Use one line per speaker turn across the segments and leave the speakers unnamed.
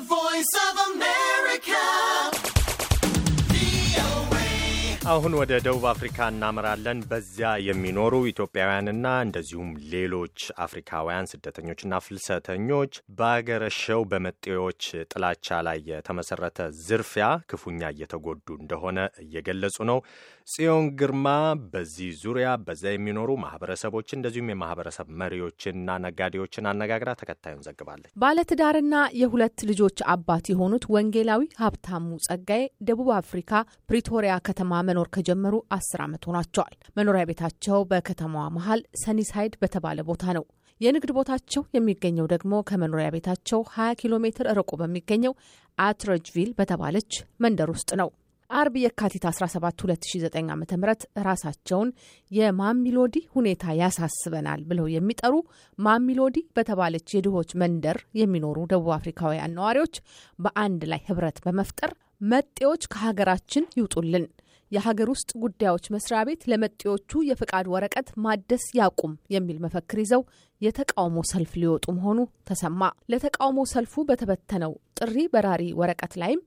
The voice of a man.
አሁን ወደ ደቡብ አፍሪካ እናመራለን። በዚያ የሚኖሩ ኢትዮጵያውያንና እንደዚሁም ሌሎች አፍሪካውያን ስደተኞችና ፍልሰተኞች በአገረሸው በመጤዎች ጥላቻ ላይ የተመሰረተ ዝርፊያ ክፉኛ እየተጎዱ እንደሆነ እየገለጹ ነው። ጽዮን ግርማ በዚህ ዙሪያ በዚያ የሚኖሩ ማህበረሰቦችን እንደዚሁም የማህበረሰብ መሪዎችንና ነጋዴዎችን አነጋግራ ተከታዩን ዘግባለች።
ባለትዳርና የሁለት ልጆች አባት የሆኑት ወንጌላዊ ሀብታሙ ጸጋዬ ደቡብ አፍሪካ ፕሪቶሪያ ከተማ መኖ መኖር ከጀመሩ አስር ዓመት ሆኗቸዋል። መኖሪያ ቤታቸው በከተማዋ መሀል ሰኒሳይድ በተባለ ቦታ ነው። የንግድ ቦታቸው የሚገኘው ደግሞ ከመኖሪያ ቤታቸው 20 ኪሎ ሜትር ርቆ በሚገኘው አትረጅቪል በተባለች መንደር ውስጥ ነው። አርብ የካቲት 17 2009 ዓ ም ራሳቸውን የማሚሎዲ ሁኔታ ያሳስበናል ብለው የሚጠሩ ማሚሎዲ በተባለች የድሆች መንደር የሚኖሩ ደቡብ አፍሪካውያን ነዋሪዎች በአንድ ላይ ህብረት በመፍጠር መጤዎች ከሀገራችን ይውጡልን የሀገር ውስጥ ጉዳዮች መስሪያ ቤት ለመጤዎቹ የፈቃድ ወረቀት ማደስ ያቁም የሚል መፈክር ይዘው የተቃውሞ ሰልፍ ሊወጡ መሆኑ ተሰማ። ለተቃውሞ ሰልፉ በተበተነው ጥሪ በራሪ ወረቀት ላይም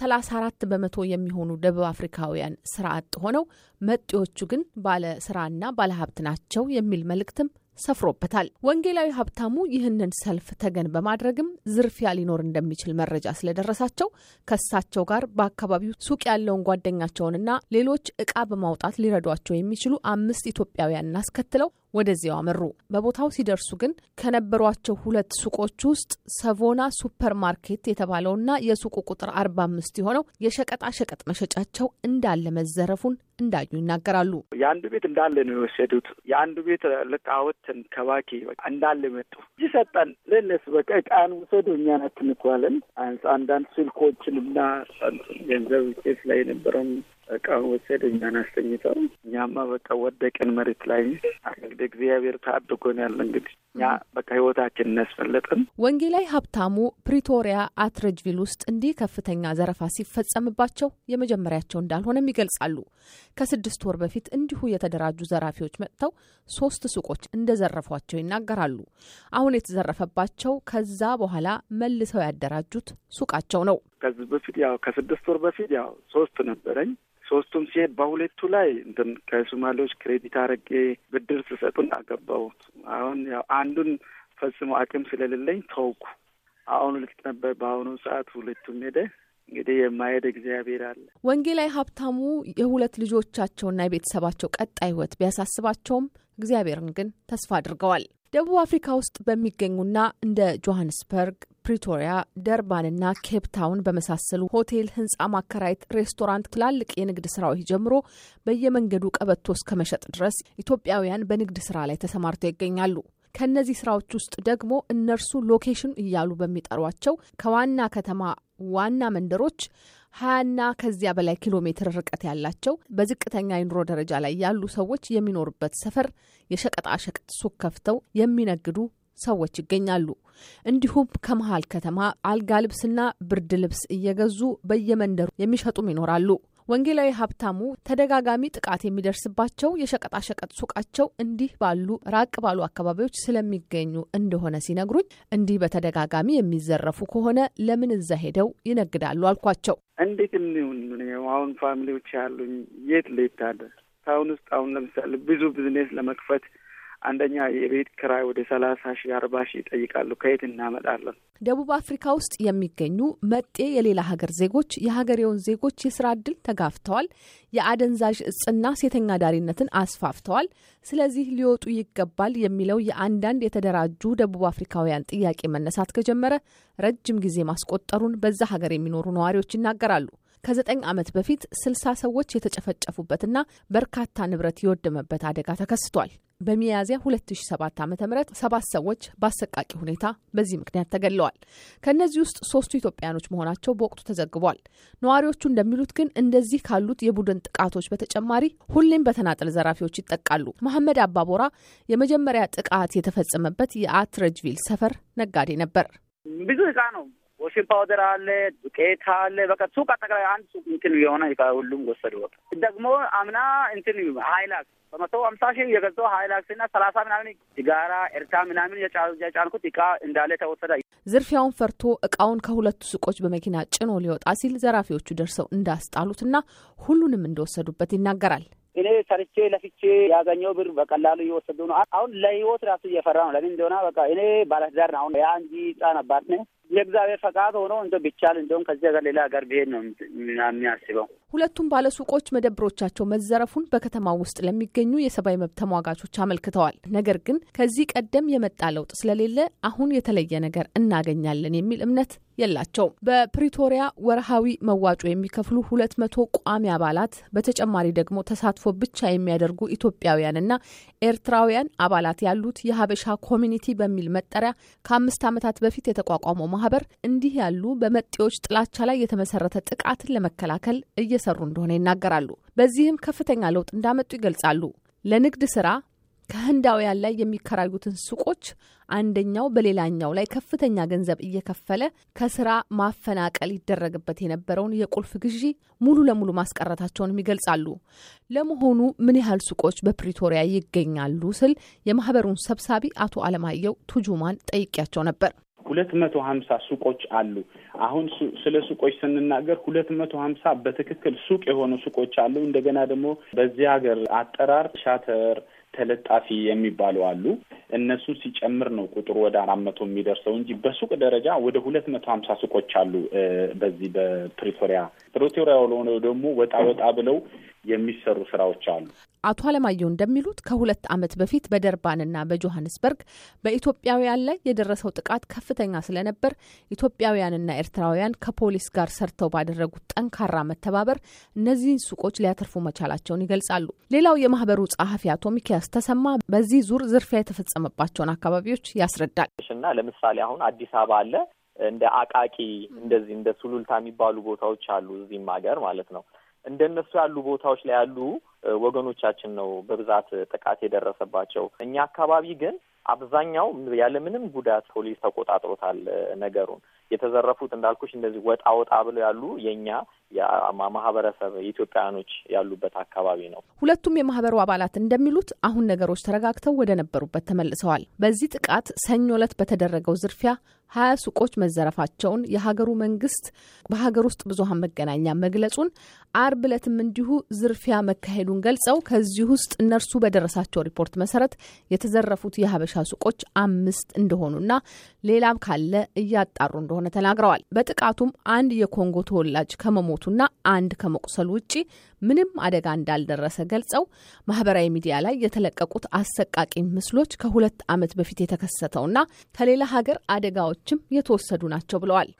34 በመቶ የሚሆኑ ደቡብ አፍሪካውያን ስራ አጥ ሆነው መጤዎቹ ግን ባለ ስራና ባለሀብት ናቸው የሚል መልእክትም ሰፍሮበታል። ወንጌላዊ ሀብታሙ ይህንን ሰልፍ ተገን በማድረግም ዝርፊያ ሊኖር እንደሚችል መረጃ ስለደረሳቸው ከሳቸው ጋር በአካባቢው ሱቅ ያለውን ጓደኛቸውንና ሌሎች እቃ በማውጣት ሊረዷቸው የሚችሉ አምስት ኢትዮጵያውያንን አስከትለው ወደዚያው አመሩ። በቦታው ሲደርሱ ግን ከነበሯቸው ሁለት ሱቆች ውስጥ ሰቮና ሱፐር ማርኬት የተባለውና የሱቁ ቁጥር አርባ አምስት የሆነው የሸቀጣ ሸቀጥ መሸጫቸው እንዳለ መዘረፉን እንዳዩ ይናገራሉ።
የአንዱ ቤት እንዳለ ነው የወሰዱት። የአንዱ ቤት ልቃወትን ከባኪ እንዳለ መጡ። ይሰጠን ለነሱ በቃ እቃን ውሰዱ እኛን አትንኳለን። አንዳንድ ስልኮችን እና ገንዘብ ኬስ ላይ የነበረውን እቃ ወሰድ፣ እኛን አስተኝተው፣ እኛማ በቃ ወደቅን መሬት ላይ። እንግዲህ እግዚአብሔር ታድጎን ያለ እንግዲህ እኛ በቃ ህይወታችን እናስፈለጥን።
ወንጌላዊ ሀብታሙ ፕሪቶሪያ አትረጅቪል ውስጥ እንዲህ ከፍተኛ ዘረፋ ሲፈጸምባቸው የመጀመሪያቸው እንዳልሆነም ይገልጻሉ። ከስድስት ወር በፊት እንዲሁ የተደራጁ ዘራፊዎች መጥተው ሶስት ሱቆች እንደዘረፏቸው ይናገራሉ። አሁን የተዘረፈባቸው ከዛ በኋላ መልሰው ያደራጁት ሱቃቸው ነው።
ከዚህ በፊት ያው ከስድስት ወር በፊት ያው ሶስት ነበረኝ ሶስቱም ሲሄድ በሁለቱ ላይ እንትን ከሶማሌዎች ክሬዲት አረቄ ብድር ስሰጡን አገባሁት። አሁን ያው አንዱን ፈጽሞ አቅም ስለሌለኝ ተውኩ። አሁን ልክ ነበር። በአሁኑ ሰዓት ሁለቱም ሄደ። እንግዲህ የማሄድ እግዚአብሔር አለ።
ወንጌላዊ ሀብታሙ የሁለት ልጆቻቸውና የቤተሰባቸው ቀጣይ ህይወት ቢያሳስባቸውም እግዚአብሔርን ግን ተስፋ አድርገዋል። ደቡብ አፍሪካ ውስጥ በሚገኙና እንደ ጆሀንስበርግ ፕሪቶሪያ፣ ደርባንና ኬፕ ታውን በመሳሰሉ ሆቴል፣ ህንፃ ማከራየት፣ ሬስቶራንት፣ ትላልቅ የንግድ ስራዎች ጀምሮ በየመንገዱ ቀበቶ እስከ መሸጥ ድረስ ኢትዮጵያውያን በንግድ ስራ ላይ ተሰማርተው ይገኛሉ። ከእነዚህ ስራዎች ውስጥ ደግሞ እነርሱ ሎኬሽን እያሉ በሚጠሯቸው ከዋና ከተማ ዋና መንደሮች ሀያና ከዚያ በላይ ኪሎ ሜትር ርቀት ያላቸው በዝቅተኛ የኑሮ ደረጃ ላይ ያሉ ሰዎች የሚኖሩበት ሰፈር የሸቀጣሸቀጥ ሱቅ ከፍተው የሚነግዱ ሰዎች ይገኛሉ። እንዲሁም ከመሀል ከተማ አልጋ ልብስና ብርድ ልብስ እየገዙ በየመንደሩ የሚሸጡም ይኖራሉ። ወንጌላዊ ሀብታሙ ተደጋጋሚ ጥቃት የሚደርስባቸው የሸቀጣሸቀጥ ሱቃቸው እንዲህ ባሉ ራቅ ባሉ አካባቢዎች ስለሚገኙ እንደሆነ ሲነግሩኝ እንዲህ በተደጋጋሚ የሚዘረፉ ከሆነ ለምን እዛ ሄደው ይነግዳሉ አልኳቸው።
እንዴት እኒሁን አሁን ፋሚሊዎች ያሉኝ የት ሌታደ ታውን ውስጥ አሁን ለምሳሌ ብዙ ቢዝኔስ ለመክፈት አንደኛ የቤት ክራይ ወደ ሰላሳ ሺህ አርባ ሺህ ይጠይቃሉ። ከየት እናመጣለን?
ደቡብ አፍሪካ ውስጥ የሚገኙ መጤ የሌላ ሀገር ዜጎች የሀገሬውን ዜጎች የስራ እድል ተጋፍተዋል። የአደንዛዥ እጽና ሴተኛ ዳሪነትን አስፋፍተዋል። ስለዚህ ሊወጡ ይገባል የሚለው የአንዳንድ የተደራጁ ደቡብ አፍሪካውያን ጥያቄ መነሳት ከጀመረ ረጅም ጊዜ ማስቆጠሩን በዛ ሀገር የሚኖሩ ነዋሪዎች ይናገራሉ። ከዘጠኝ ዓመት በፊት ስልሳ ሰዎች የተጨፈጨፉበትና በርካታ ንብረት የወደመበት አደጋ ተከስቷል። በሚያዝያ 2007 ዓ ም ሰባት ሰዎች በአሰቃቂ ሁኔታ በዚህ ምክንያት ተገለዋል። ከእነዚህ ውስጥ ሶስቱ ኢትዮጵያኖች መሆናቸው በወቅቱ ተዘግቧል። ነዋሪዎቹ እንደሚሉት ግን እንደዚህ ካሉት የቡድን ጥቃቶች በተጨማሪ ሁሌም በተናጠል ዘራፊዎች ይጠቃሉ። መሐመድ አባቦራ የመጀመሪያ ጥቃት የተፈጸመበት የአትረጅቪል ሰፈር ነጋዴ ነበር።
ብዙ እቃ ነው ወሽን ፓውደር አለ፣ ዱቄት አለ። በቃ ሱቅ አጠቃላይ አንድ ሱቅ እንትን የሆነ ሁሉም ወሰዱ። በቃ ደግሞ አምና እንትን ሀይላክስ በመቶ ሀምሳ ሺህ የገዛው ሀይላክስ እና ሰላሳ ምናምን ሲጋራ ኤርትራ ምናምን የጫንኩት እቃ እንዳለ ተወሰደ።
ዝርፊያውን ፈርቶ እቃውን ከሁለቱ ሱቆች በመኪና ጭኖ ሊወጣ ሲል ዘራፊዎቹ ደርሰው እንዳስጣሉት እንዳስጣሉትና ሁሉንም እንደወሰዱበት ይናገራል።
እኔ ሰርቼ ለፍቼ ያገኘው ብር በቀላሉ እየወሰዱ ነው። አሁን ለህይወት ራሱ እየፈራ ነው። ለምን እንደሆነ በቃ እኔ ባለትዳር ነው። አሁን ያ እንጂ ጻ አባት ነኝ የእግዚአብሔር ፈቃድ ሆኖ እንደ ቢቻል እንደውም ከዚህ ጋር ሌላ ሀገር ብሄድ ነው
የሚያስበው። ሁለቱም ባለሱቆች መደብሮቻቸው መዘረፉን በከተማ ውስጥ ለሚገኙ የሰብአዊ መብት ተሟጋቾች አመልክተዋል። ነገር ግን ከዚህ ቀደም የመጣ ለውጥ ስለሌለ አሁን የተለየ ነገር እናገኛለን የሚል እምነት የላቸውም። በፕሪቶሪያ ወርሃዊ መዋጮ የሚከፍሉ ሁለት መቶ ቋሚ አባላት በተጨማሪ ደግሞ ተሳትፎ ብቻ የሚያደርጉ ኢትዮጵያውያንና ኤርትራውያን አባላት ያሉት የሀበሻ ኮሚኒቲ በሚል መጠሪያ ከአምስት ዓመታት በፊት የተቋቋመው ማህበር እንዲህ ያሉ በመጤዎች ጥላቻ ላይ የተመሰረተ ጥቃትን ለመከላከል እየሰሩ እንደሆነ ይናገራሉ። በዚህም ከፍተኛ ለውጥ እንዳመጡ ይገልጻሉ። ለንግድ ስራ ከህንዳውያን ላይ የሚከራዩትን ሱቆች አንደኛው በሌላኛው ላይ ከፍተኛ ገንዘብ እየከፈለ ከስራ ማፈናቀል ይደረግበት የነበረውን የቁልፍ ግዢ ሙሉ ለሙሉ ማስቀረታቸውንም ይገልጻሉ። ለመሆኑ ምን ያህል ሱቆች በፕሪቶሪያ ይገኛሉ ስል የማህበሩን ሰብሳቢ አቶ አለማየሁ ቱጁማን ጠይቂያቸው ነበር።
ሁለት መቶ ሀምሳ ሱቆች አሉ። አሁን ስለ ሱቆች ስንናገር ሁለት መቶ ሀምሳ በትክክል ሱቅ የሆኑ ሱቆች አሉ። እንደገና ደግሞ በዚህ ሀገር አጠራር ሻተር ተለጣፊ የሚባሉ አሉ። እነሱን ሲጨምር ነው ቁጥሩ ወደ አራት መቶ የሚደርሰው እንጂ በሱቅ ደረጃ ወደ ሁለት መቶ ሀምሳ ሱቆች አሉ በዚህ በፕሪቶሪያ ፕሪቶሪያ ለሆነ ደግሞ ወጣ ወጣ ብለው የሚሰሩ ስራዎች አሉ።
አቶ አለማየሁ እንደሚሉት ከሁለት ዓመት በፊት በደርባንና በጆሀንስበርግ በኢትዮጵያውያን ላይ የደረሰው ጥቃት ከፍተኛ ስለነበር ኢትዮጵያውያንና ኤርትራውያን ከፖሊስ ጋር ሰርተው ባደረጉት ጠንካራ መተባበር እነዚህን ሱቆች ሊያተርፉ መቻላቸውን ይገልጻሉ። ሌላው የማህበሩ ጸሐፊ አቶ ሚኪያስ ተሰማ በዚህ ዙር ዝርፊያ የተፈጸመባቸውን አካባቢዎች ያስረዳል። እና ለምሳሌ አሁን አዲስ አበባ አለ
እንደ አቃቂ እንደዚህ እንደ ሱሉልታ የሚባሉ ቦታዎች አሉ እዚህም ሀገር ማለት ነው እንደነሱ ያሉ ቦታዎች ላይ ያሉ ወገኖቻችን ነው በብዛት ጥቃት የደረሰባቸው። እኛ አካባቢ ግን አብዛኛው ያለምንም ጉዳት ፖሊስ ተቆጣጥሮታል ነገሩን። የተዘረፉት እንዳልኩሽ እንደዚህ ወጣ ወጣ ብለው ያሉ የእኛ ማህበረሰብ ኢትዮጵያውያኖች ያሉበት አካባቢ ነው።
ሁለቱም የማህበሩ አባላት እንደሚሉት አሁን ነገሮች ተረጋግተው ወደ ነበሩበት ተመልሰዋል። በዚህ ጥቃት ሰኞ ዕለት በተደረገው ዝርፊያ ሀያ ሱቆች መዘረፋቸውን የሀገሩ መንግስት በሀገር ውስጥ ብዙሀን መገናኛ መግለጹን፣ አርብ ዕለትም እንዲሁ ዝርፊያ መካሄዱን ገልጸው ከዚህ ውስጥ እነርሱ በደረሳቸው ሪፖርት መሰረት የተዘረፉት የሀበሻ ሱቆች አምስት እንደሆኑና ሌላም ካለ እያጣሩ እንደሆነ እንደሆነ ተናግረዋል። በጥቃቱም አንድ የኮንጎ ተወላጅ ከመሞቱና አንድ ከመቁሰሉ ውጪ ምንም አደጋ እንዳልደረሰ ገልጸው ማህበራዊ ሚዲያ ላይ የተለቀቁት አሰቃቂ ምስሎች ከሁለት ዓመት በፊት የተከሰተውና ከሌላ ሀገር አደጋዎችም የተወሰዱ ናቸው ብለዋል።